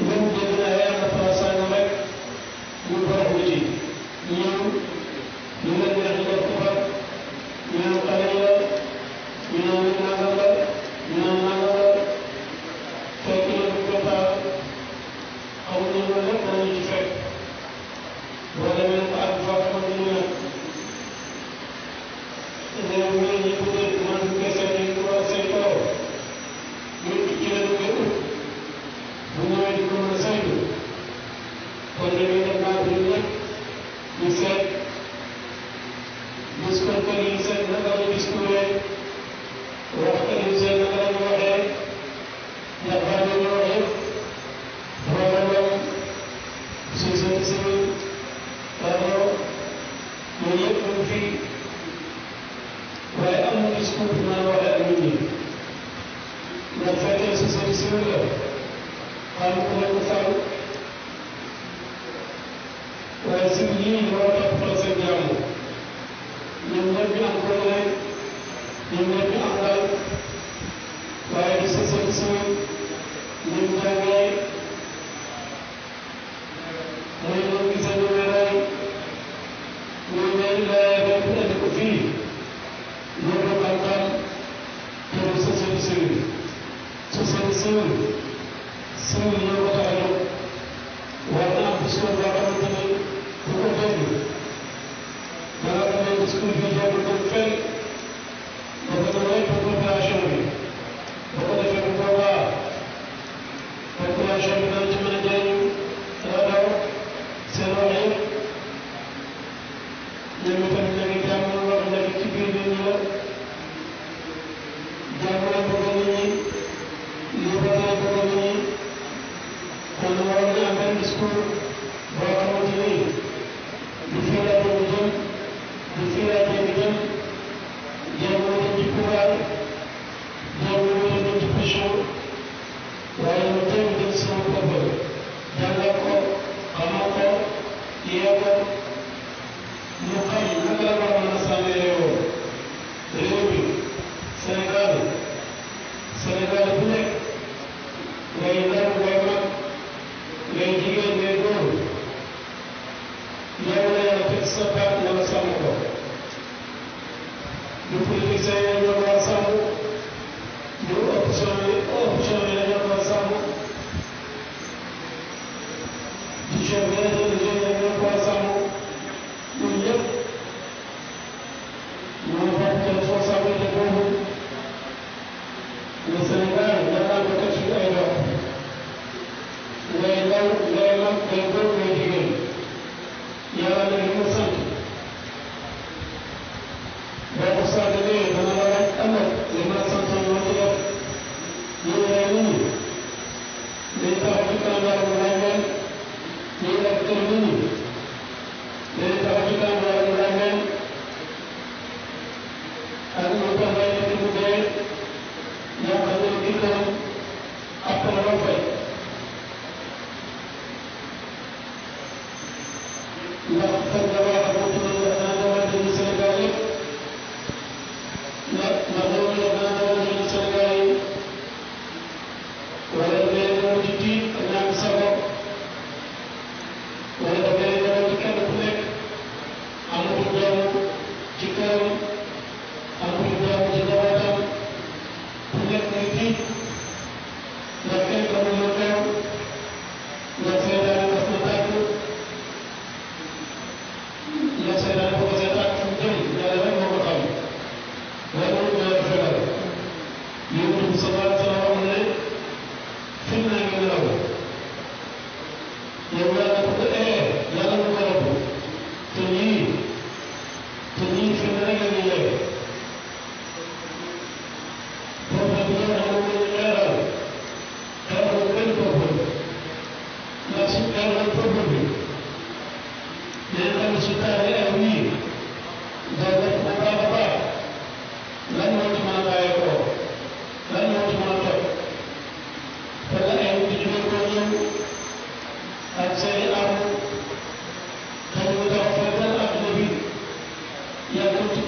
ñun dégg naa yàlla dafa sànni rek ñu borom nit yi ñun ñu mel Yeah.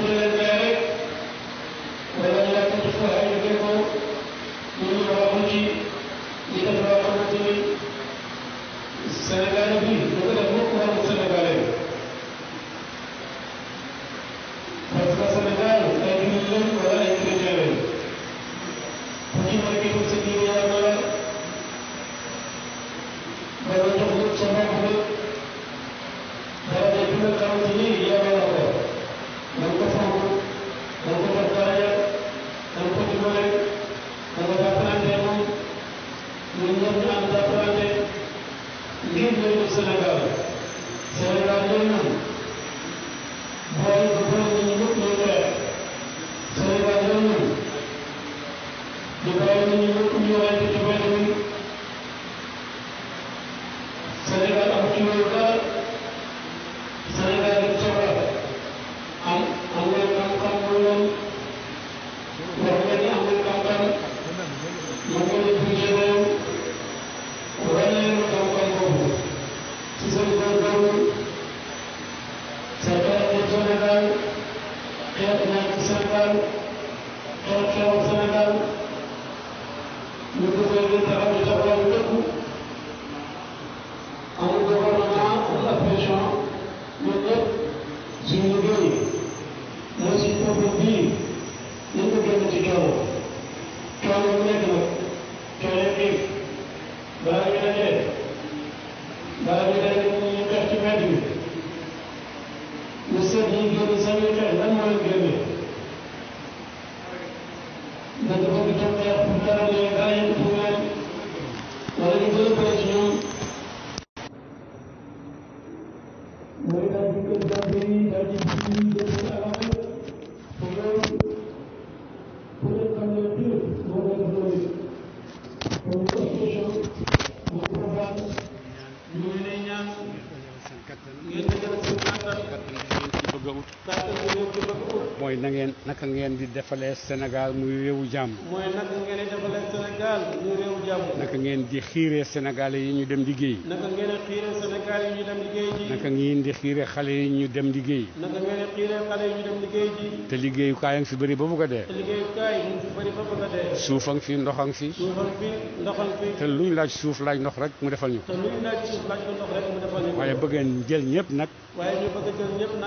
mooy ngeen naka ngeen di defalee Sénégal muy réewu jàmm. naka ngeen di defalee Sénégal yi ñu dem liggéey. naka ngeen di xiiree xale yi ñu dem liggéey. te liggéeyukaay a ngi fi bëri ba bëgg dee. te fi bëri fi ndox a ngi fi. suuf a ngi te luñ suuf laaj ndox rek mu defal ñu. laaj suuf laaj ndox rek mu defal ñu. waaye bëgg jël ñëpp nag.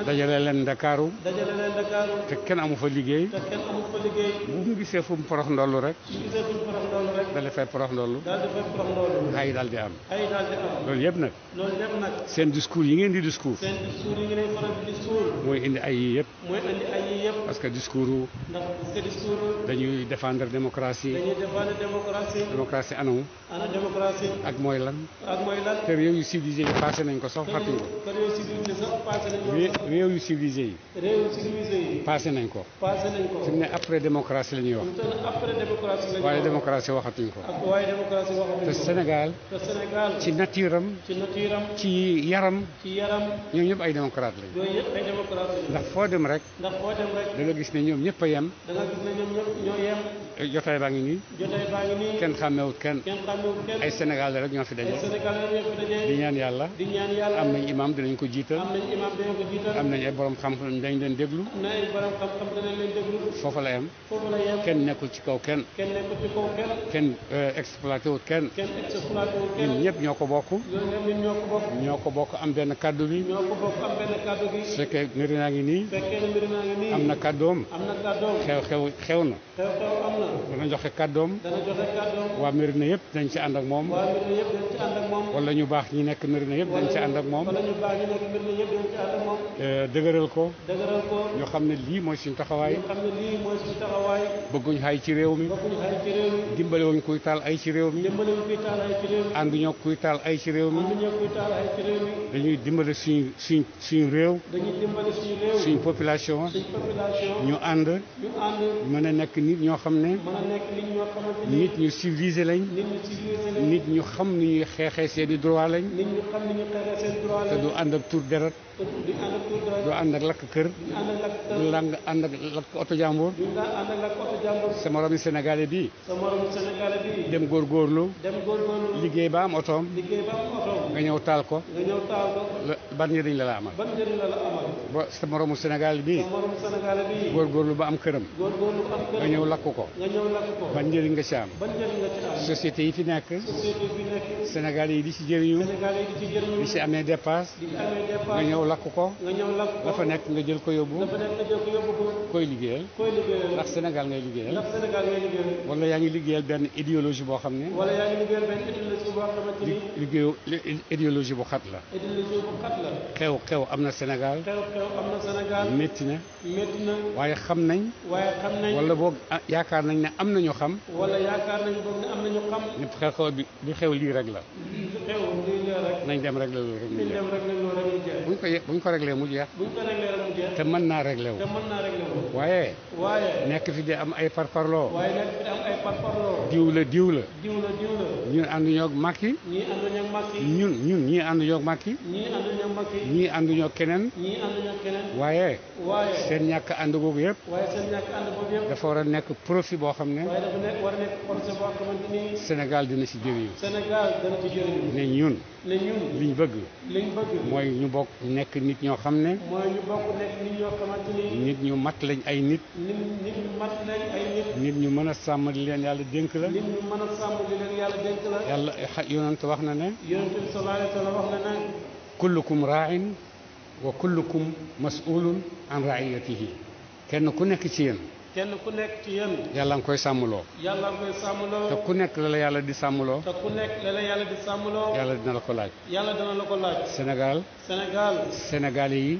dajale leen Ndakaaru. dajale kenn amu fa liggéey. te liggéey. bu mu gisee fu ndollu rek. su gisee fu mu ay daal di am. loolu yëpp nag. seen discours yi ngeen di discours. yi ngeen di faral di discours. mooy indi ay yii yëpp. yëpp. parce que discours ndax dañuy défendre démocratie dañuy défendre démocratie ak mooy lan ak mooy lan te réew yu civilisé yi passé nañ ko sax fàttuñu ko réew yu civilisé yi réew nañ ko passé ne après démocratie la ñuy wax waaye démocratie waxatuñ ko te Sénégal ci nature ci yaram ci yaram ñoom ñëpp ay démocrate lañ ndax foo dem rek da nga gis ne ñëpp a jotaay baa ngi nii. jotaay kenn xàmmewut kenn. ay Sénégal rek ñoo fi daje. rek ñoo fi daje. di ñaan yàlla. di ñaan yàlla am nañ imaam dinañ ko jiital. am nañ imaam ko jiital. am nañ ay boroom xam dañ leen déglu. foofu la yem. kenn nekkul ci kaw kenn. kenn nekkul ci kenn. kenn euh, exploité wut kenn. kenn exploité wut kenn. ñun ñëpp ñoo ko bokk. ñoo ko bokk. ñoo ko bokk am benn kaddu bi. ñoo ko bokk am benn kaddu bi. su fekkee mbir naa ngi nii. su fekkee mbir naa ngi nii. am na kaddoom. am na kaddoom. xew xew xew na. xew xew am na. dana joxe kàddoom waa Mérina yëpp dañ ci ànd ak moom wala ñu baax ñi nekk Mérina yëpp dañ ci ànd ak moom eh, dëgëral ko ñu xam ne lii mooy suñu taxawaay bëgguñ xay ci réew mi dimbale wuñ kuy taal ay ci réew mi ànd ñoo kuy taal ay ci réew mi dañuy dimbale suñu suñ suñu réew suñu population ñu ànd mën a nekk nit ñoo xam ne lañ nit ñu civilisé lañ nit ñu xam ni ñuy xeexee seeni droit lañ te du ànd ak tur deret du ànd ak lakk kër du lang ànd ak lakk oto jàmbur sa moromi sénégalais bi dem góorgóorlu liggéey ba am otoom nga ñëw taal ko ban njëriñ la la amal ba sa moromu sénégal bi góorgóorlu ba am këram nga ñëw lakk ko nga ñëw lakk ko ban njëriñ nga ci am ban njëriñ ci yi fi nekk Sénégal yi di ci jëriñu di ci amee dépasse nga ñëw lakk ko dafa nekk nga jël ko yóbbu koy liggéeyal ndax Sénégal ngay liggéeyal wala yaa ngi liggéeyal benn idéologie boo xam ne liggéeyu idéologie bu xat la xew xew am na Sénégal métti na waaye xam nañ wala boog ah, yaakaar nañ ne am nañu xam. wala yaakaar nañ boog ne am nañu xam. nit xew xew bi li xew lii rek la. nañ dem rek la loolu rek mu jeex. nañ ko ye mu jeex. rek mu jeex. te mën naa réglé wu. te waaye. nekk fi di am ay parparloo. waaye nekk fi di am ay parparloo. diw la diw la. diw la diw la. ñun ànduñoo ak Macky. ñun ñun ñii ànduñoo ak Macky. keneen. keneen. waaye seen ñàkk ànd googu yëpp. dafa war a nekk profit boo xam ne. senegal dina ci jëriñu. ne ñun. liñ bëgg. mooy ñu bokk nekk nit ñoo xam ne. nit ñu mat lañ ay nit. nit ñu mën a sàmm di leen yàlla dénk la. yàlla yonent wax na ne. kullukum raa'in wa kullukum mas'ulun an ra'iyatihi kenn ku nekk ci yéen. kenn ku nekk ci yéen. yàlla nga koy sàmmloo. yàlla ku nekk la yàlla di sàmmloo. te ku nekk la yàlla di sàmmloo. yàlla dina la ko laaj. yàlla dina la yi.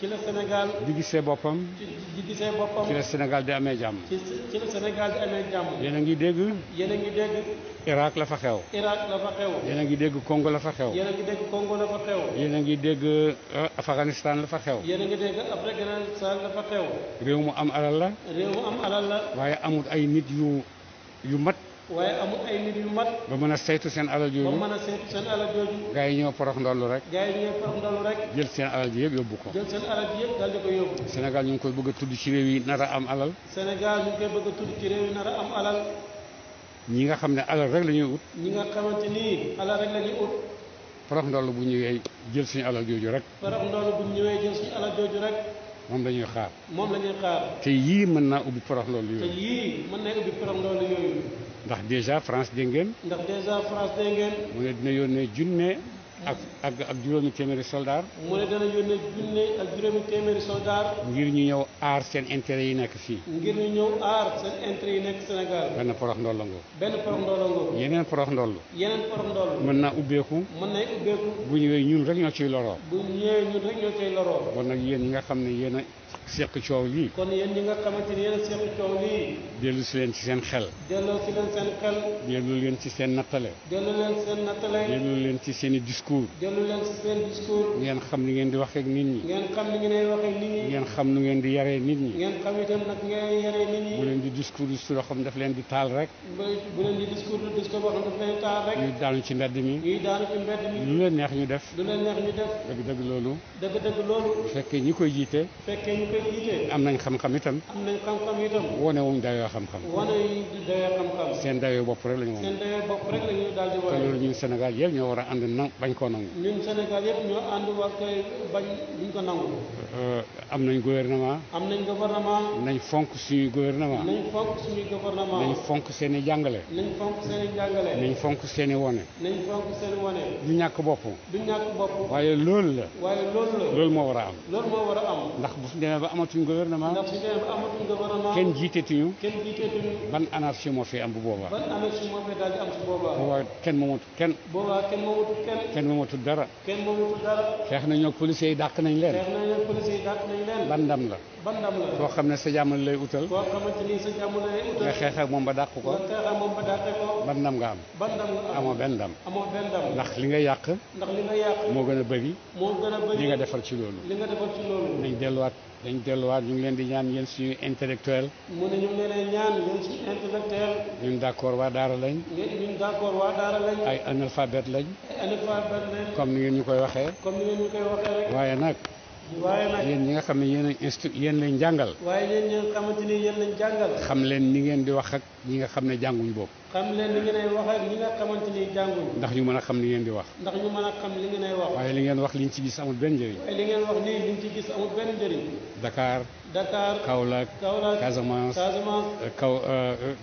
ci la Sénégal di boppam. di boppam. ci la Sénégal di amee jàmm. ci la Sénégal di amee jàmm. yéen ngi dégg. yéen a ngi dégg. Irak la fa xew. Irak la fa xew. yéen ngi dégg Congo la fa xew. yéen ngi dégg la euh, Afghanistan la fa xew. réew mu am alal la. waaye amul ay nit yu yu mat. waaye amul ay nit yu mat. ba mën a saytu seen alal jooju. ba mën a saytu seen alal jooju. gars yi ñoo porox ndollu rek. gars ñoo porox ndollu rek. jël seen alal ko. jël ñu ngi koy bëgg a tudd ci am alal. ñi nga xam ne alal rek la ñuy ut. ñi bu ñëwee jël suñu alal jooju rek. porox ndollu bu ñëwee jël suñu alal jooju rek. moom la xaar. moom la xaar. te yii mën naa ubbi porox ndollu yooyu. yooyu ndax déjà France dégg ngeen. ndax déjà France dégg ngeen. mu ne dina yónnee junne. ak ak ak juróomi téeméeri soldaar. mu ne dana yónnee junne ak juróomi téeméeri soldaar. ngir ñu ñëw aar seen intérêt yi nekk fii. ngir ñu ñëw aar seen intérêt yi nekk Sénégal. benn porox ndoll benn porox ndoll yeneen poros ndoll. yeneen mën naa ubbeeku. mën na ubbeeku. bu ñëwee ñun rek ñoo ciy loroo. bu ñëwee ñun rek ñoo ciy loroo. kon nag yéen ñi nga xam ne yéen a coow lii. ni yéen a seq dellu si leen ci seen xel. dellu si leen seen xel. dellu leen ci seen nattale. dellu leen seen nattale. discours. dellu leen ngeen xam ni ngeen di waxee ak nit ñi. xam ni ngeen di waxee nit ñi. ngeen leen di discours su loo xam daf leen di taal rek. bu leen di discours discours boo leen di taal rek. ñuy ci mbedd mi. ñuy ñu def. lu leen loolu. bu fekkee ñi koy jiite. am nañ xam itam. am nañ xam-xam seen dayoo bopp rek la daal di Sénégal yëpp ñoo war a ànd na bañ koo nangu. Euh, gouvernement. am fonk suñuy fonk seen i jàngale. nañ fonk seen i ñàkk bopp. waaye loolu la. waaye moo war a am. bu demee ba amatuñ gouvernement. ndax kenn jiitetuñu. kenn jiitetuñu. ban anarchie moo fi am bu boobaa. ban anarchie moo fi daal di am bu boobaa. kenn moomatul kenn. moomatul dara. kenn dara. xeex nañoo police yi dàq nañ leen. xeex ndam la. ban koo xam ne sa jàmm lay utal. koo xamante nga xeex ak moom ba dàq ko. nga ndam nga am. amoo benn ndam. ndax li nga yàq. moo gën a bëri. li nga defar ci loolu. li nga defar ci loolu. nañ delluwaat dañ delluwaat ñu ngi leen di ñaan yéen suñu intellectuel mu ne ñu d'accord waa daara lañ ñun d'accord lañ ay analphabète lañ comme ni ngeen ñu koy waxee comme waaye nag waaye ñi nga xam ne yéen a instu jàngal xam leen ni ngeen di wax ak ñi nga xam ne jànguñ boobu xam leen li ndax di mën a xam li ngeen li ngeen wax liñ ci gis amul benn njëriñ waaye li ngeen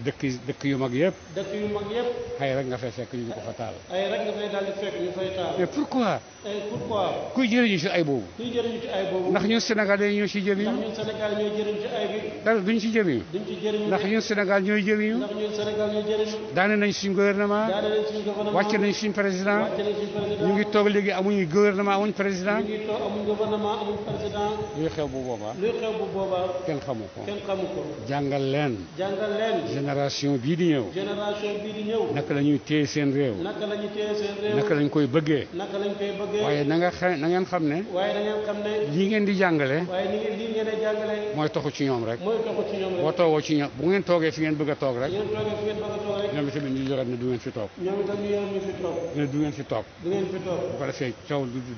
dëkk dëkk yu mag yëpp dëkk yu mag yëpp ay rek nga fay fekk ñu ko fa taal ay rek nga fekk ñu fay taal mais pourquoi kuy jëriñu ci ay boobu ci ay ndax ñun Sénégal yi jëriñu ndax ñun ci jëriñu ndax ñun Sénégal ñooy jëriñu daane nañ suñ gouvernement wàcc nañ suñ président mu ngi toog léegi amuñu gouvernement amuñ président luy xew bu boobaa kenn xamu ko jàngal leen génération bii di ñëw naka la ñuy téye seen réew naka lañ koy bëggee waaye na xam ngeen xam ne lii ngeen di jàngale mooy toxu ci ñoom rek boo toogoo ci ñoom bu ngeen toogee fi ngeen bëgg a toog rek ñoom itamit ñu yoroon ne du ne du ngeen fi toog ngeen fi toog bu ko defee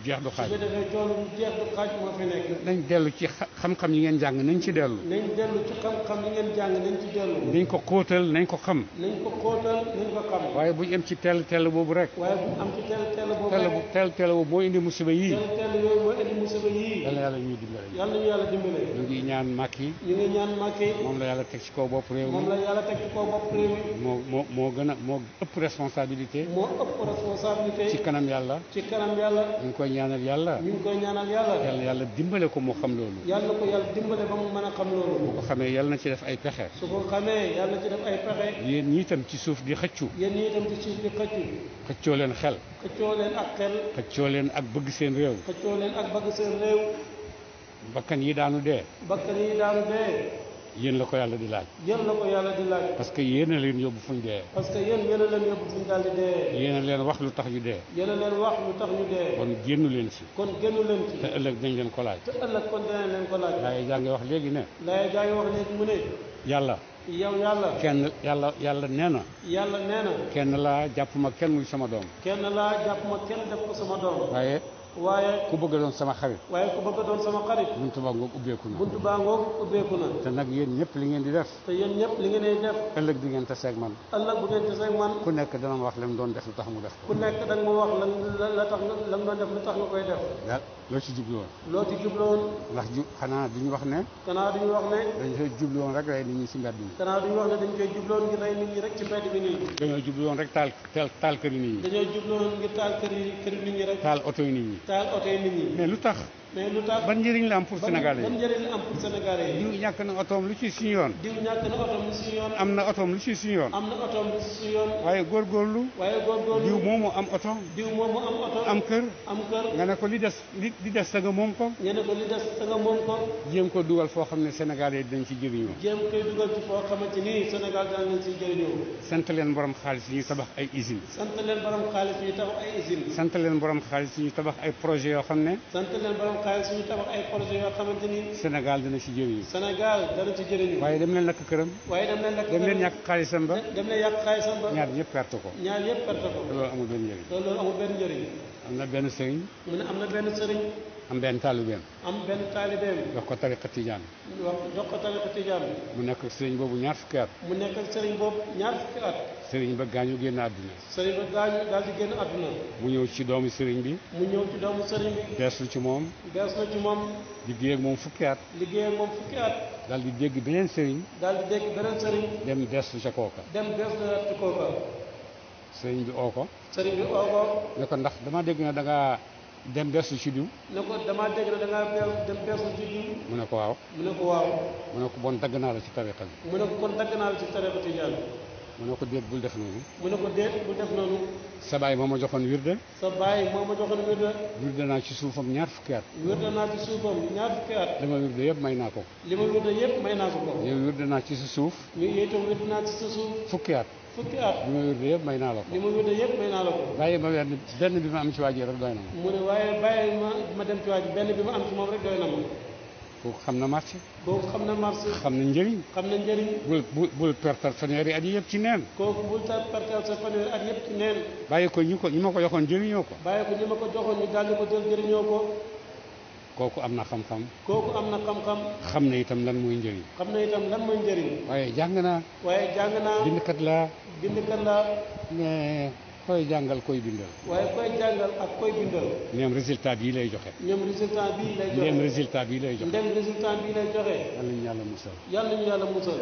jeex du xaaj nañ dellu ci xam yi ngeen jàng nañ ci dellu nañ ko xóotal nañ ko xam waaye buñ am ci teel teel boobu rek waaye buñ am ci teel teel boobu rek teel teel moo indi musiba yii moom la yàlla teg ci kaw bopp réew mi moom la yàlla teg ci kaw bopp réew mi moo moo gën a moo ëpp responsabilité. moo ëpp responsabilité. ci kanam yàlla. ci kanam yàlla. ñu ngi koy ñaanal yàlla. ñu ngi koy ñaanal yàlla. yàlla dimbale ko mu xam loolu. yàlla ko yàlla dimbale ba mu mën a xam loolu. bu ko xamee yàlla na ci def ay pexe. su ko xamee yàlla na ci def ay pexe. yéen ñi itam ci suuf di xëccu. xëccoo leen xel. xëccoo leen ak xel. bëgg seen réew. xëccoo leen ak bëgg seen réew. bakkan yi daanu dee. bakkan yi daanu dee. yéen la ko yàlla di laaj. yéen parce que yéen leen yóbbu fuñ dee. parce que yéen leen yóbbu fuñ wax lu tax ñu dee. yéen leen wax lu tax ñu dee. kon génnu leen ci. kon génnu leen ci. te ëllëg dañ leen ko laaj. te ëllëg kon danañ leen ko laaj. laay jaa ngi wax léegi ne. laay jaa wax léegi mu ne. yàlla. yow yàlla. kenn yàlla yàlla nee na. yàlla nee kenn laa jàpp ma kenn muy sama doom. kenn laa jàpp kenn def ko sama doom. waaye waaye ku bëgg doon sama xarit waaye ku bëgg doon sama xarit buntu baa ngoog ubbeeku na buntu baa ngoog ubbeeku na te nag yéen ñëpp li ngeen di def te yéen ñëpp li ngeen di def ëllëg di ngeen taseeg man ëllëg bu ngeen taseeg man ku nekk dana ma wax la doon def lu tax mu def ku def loo ci jublu loo ci jublu ndax ju xanaa duñu wax ne xanaa duñu wax ne dañ koy jublu rek rey nit ñi si mbedd mi xanaa duñu wax ne dañ koy jublu ngir rey nit ñi rek ci mbedd mi nii dañoo jublu woon rek taal taal kër yi ñi dañoo jublu ngir taal kër yi ñi rek taal oto yi nit ñi taal lu tax mais lu tax ban njëriñ la am pour Sénégalais yi diw ñàkk na otoom lu ci suñu yoon. diw am na otoom lu ci suñu yoon. am waaye góor góorlu góorgóorlu diw moomu am oto. diw am oto. am kër. nga ne ko li des li li des sa nga moom ko. nga ne ko li des sa nga moom ko. jéem ko dugal foo xam ne Sénégalais dinañ ci jëriñoo. jéem koy dugal ci foo xamante ni Sénégal dinañ ci jëriñoo. sant leen borom xaalis yi ñu tabax ay usines. sant leen borom xaalis yi ñu tabax ay usines. projet yoo xam ne. waxtaan suñu tabax ay projet yoo xamante ni Sénégal dana ci jëriñu Sénégal dana ci jëriñu waaye dem leen lakk këram waaye dem leen lakk dem leen yàq xaalisam ba dem leen yàq xaalisam ba ñaar ñëpp perte ko ñaar ñëpp perte ko loolu amul benn njëriñ loolu amul benn njëriñ am na benn sëriñ mu ne am na benn sëriñ am benn taalibeem jox ko tariqa tijaan jox ko tariqa tijaan mu nekk ak sëriñ boobu ñaar mu nekk sëriñ boobu ñaar fukki at sëriñ ba gaañu génn àdduna sëriñ ba gaañu daal génn àdduna mu ñëw ci doomu sëriñ bi mu ñëw ci doomu sëriñ bi bees ci moom bees ci moom liggéey moom fukki at liggéey moom fukki at daal dégg beneen sëriñ daal dégg beneen sëriñ dem bees ca kooka dem bees ca kooka sëriñ bi oo ko sëriñ bi oo ko ne ndax dama dégg na da dem beesu ci diw ne ko damaa dégg na da ngaa dem beesu ci diw mu ne ko waaw mu ne ko waaw mu ne ko bon dagg naa la ci tariqa mu ne ko kon dagg naa la ci tariqa mu ne ko déet bul def noonu mu ne ko déet bul def noonu sa baay moo ma joxoon wirde sa baay moo ma joxoon wirde wirde naa ci suufam ñaar fukki at naa ci suufam ñaar fukki li ma wirde yëpp may naa ko li ma wirde yëpp may naa ko ko yow wirde naa ci sa fukki at li ma wérde yëpp may naa la ko li ma wérde yëpp may naa la ko bàyyi ma benn bi ma am ci waaj rek doy na ma mu ne waaye bàyyi ma ma dem ci waaj benn bi ma am ci moom rek doy na ma kooku xam na marché kooku xam na marché xam na njëriñ xam na njëriñ bul bul bul pertal fanweeri at yi yëpp ci neen kooku bul pertal sa fanweeri at yëpp ci neen bàyyi ko ñu ko ñu ma ko joxoon jëriñoo ko bàyyi ko ñu ma ko joxoon ñu daal di ko jël jëriñoo ko kooku am na xam-xam. kooku am na xam-xam. xam na itam lan mooy njëriñ. xam na lan mooy njëriñ. waaye jàng naa. waaye jàng naa. bindkat laa. bindkat koy jàngal koy bindal. waaye koy jàngal ak koy bindal. ñoom résultat bii lay joxe. ñoom résultat bii lay joxe. ndem résultat bii lay joxe. yàlla musal. yal yàlla musal.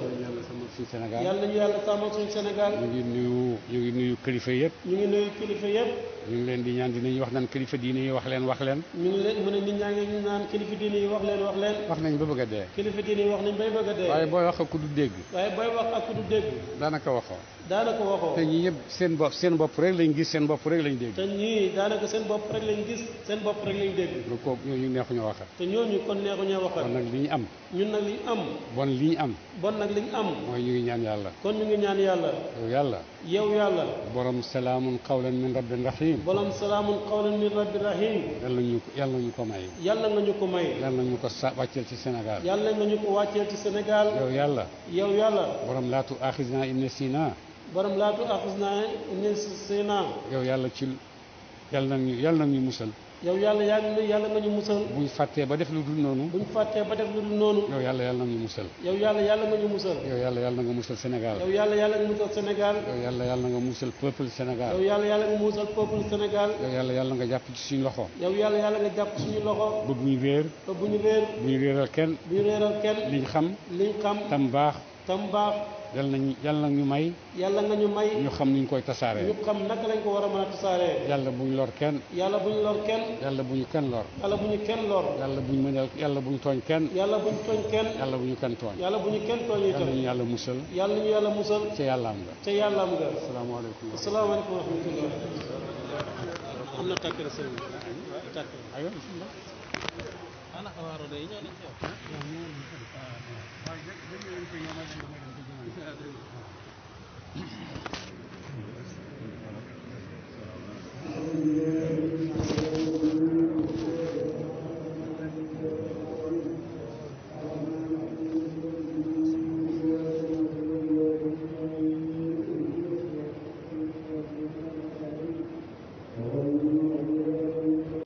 ñu ngi nuyu kilifa yëpp ñu ngi nuyu kilifa yëpp ñu ngi leen di ñaan dinañu wax naan kilifa diine yi wax leen wax leen ñu ngi leen mu ne nit ñaa ngi naan yi wax leen wax leen wax nañ ba bëgg a dee kilifa diine yi wax nañ bay bëgg a dee waaye booy wax ak ku du dégg waaye booy wax ak ku du dégg daanaka waxoo daanaka waxoo. te ñii ñëpp seen bopp seen bopp rek lañ gis seen bopp rek lañ dégg. te ñii daanaka seen bopp rek lañ gis seen bopp rek lañ dégg. kon kooku ñooñu neexuñoo waxal. te ñooñu kon neexuñoo waxal. kon nag li ñu am. ñun nag li ñu am. bon li ñu am. bon nag li ñu am. mooy ñu ngi ñaan yàlla. kon ñu ngi ñaan yàlla. yow yàlla. yow yàlla. borom salaamun qawlan min rabbin rahim. borom salaamun qawlan min rabbin rahim. yàlla ñu ko yàlla ñu ko may. yàlla nga ñu ko may. yàlla ñu ko sa wàcceel ci Sénégal. yàlla nga ñu ko wàcceel ci Sénégal. yow yàlla. yow yàlla. borom laatu axisna inna sina borom laatu axus naa nin si naa yow yàlla ci yàlla na ñu yàlla nag ñu musal yow yàlla yàlla yàlla nga ñu musal buñ fàttee ba def lu dul noonu buñ fàttee ba def lu dul noonu yow yàlla yàlla nag ñu musal yow yàlla yàlla nga ñu musal yàlla yàlla nga musal Sénégal yow yàlla yàlla nga musal Sénégal yàlla yàlla nga musal peuple Sénégal yow yàlla yàlla nga musal peuple Sénégal yàlla yàlla nga jàpp ci suñu loxo yow ba bu réer ba bu réer bu réeral kenn bu réeral kenn liñ xam liñ xam tam baax tam baax yal nañu yal na ñu may yàlla nga ñu may ñu xam niñ koy tasaaree ñu xam naka lañ ko war a mën a tasaaree yàlla buñ lor kenn yàlla buñ lor kenn yàlla bu ñu kenn lor yàlla bu ñu kenn lor yàlla buñ mën yàlla buñ tooñ kenn yàlla buñ tooñ kenn yàlla bu ñu kenn tooñ yàlla bu ñu kenn tooñ itam yàlla ñu yàlla musal yàlla ñu yàlla musal ca yàllaam nga ca yàllaam nga asalaamaaleykum asalaamaaleykum wa rahmatullah am na tàkk la Thank you.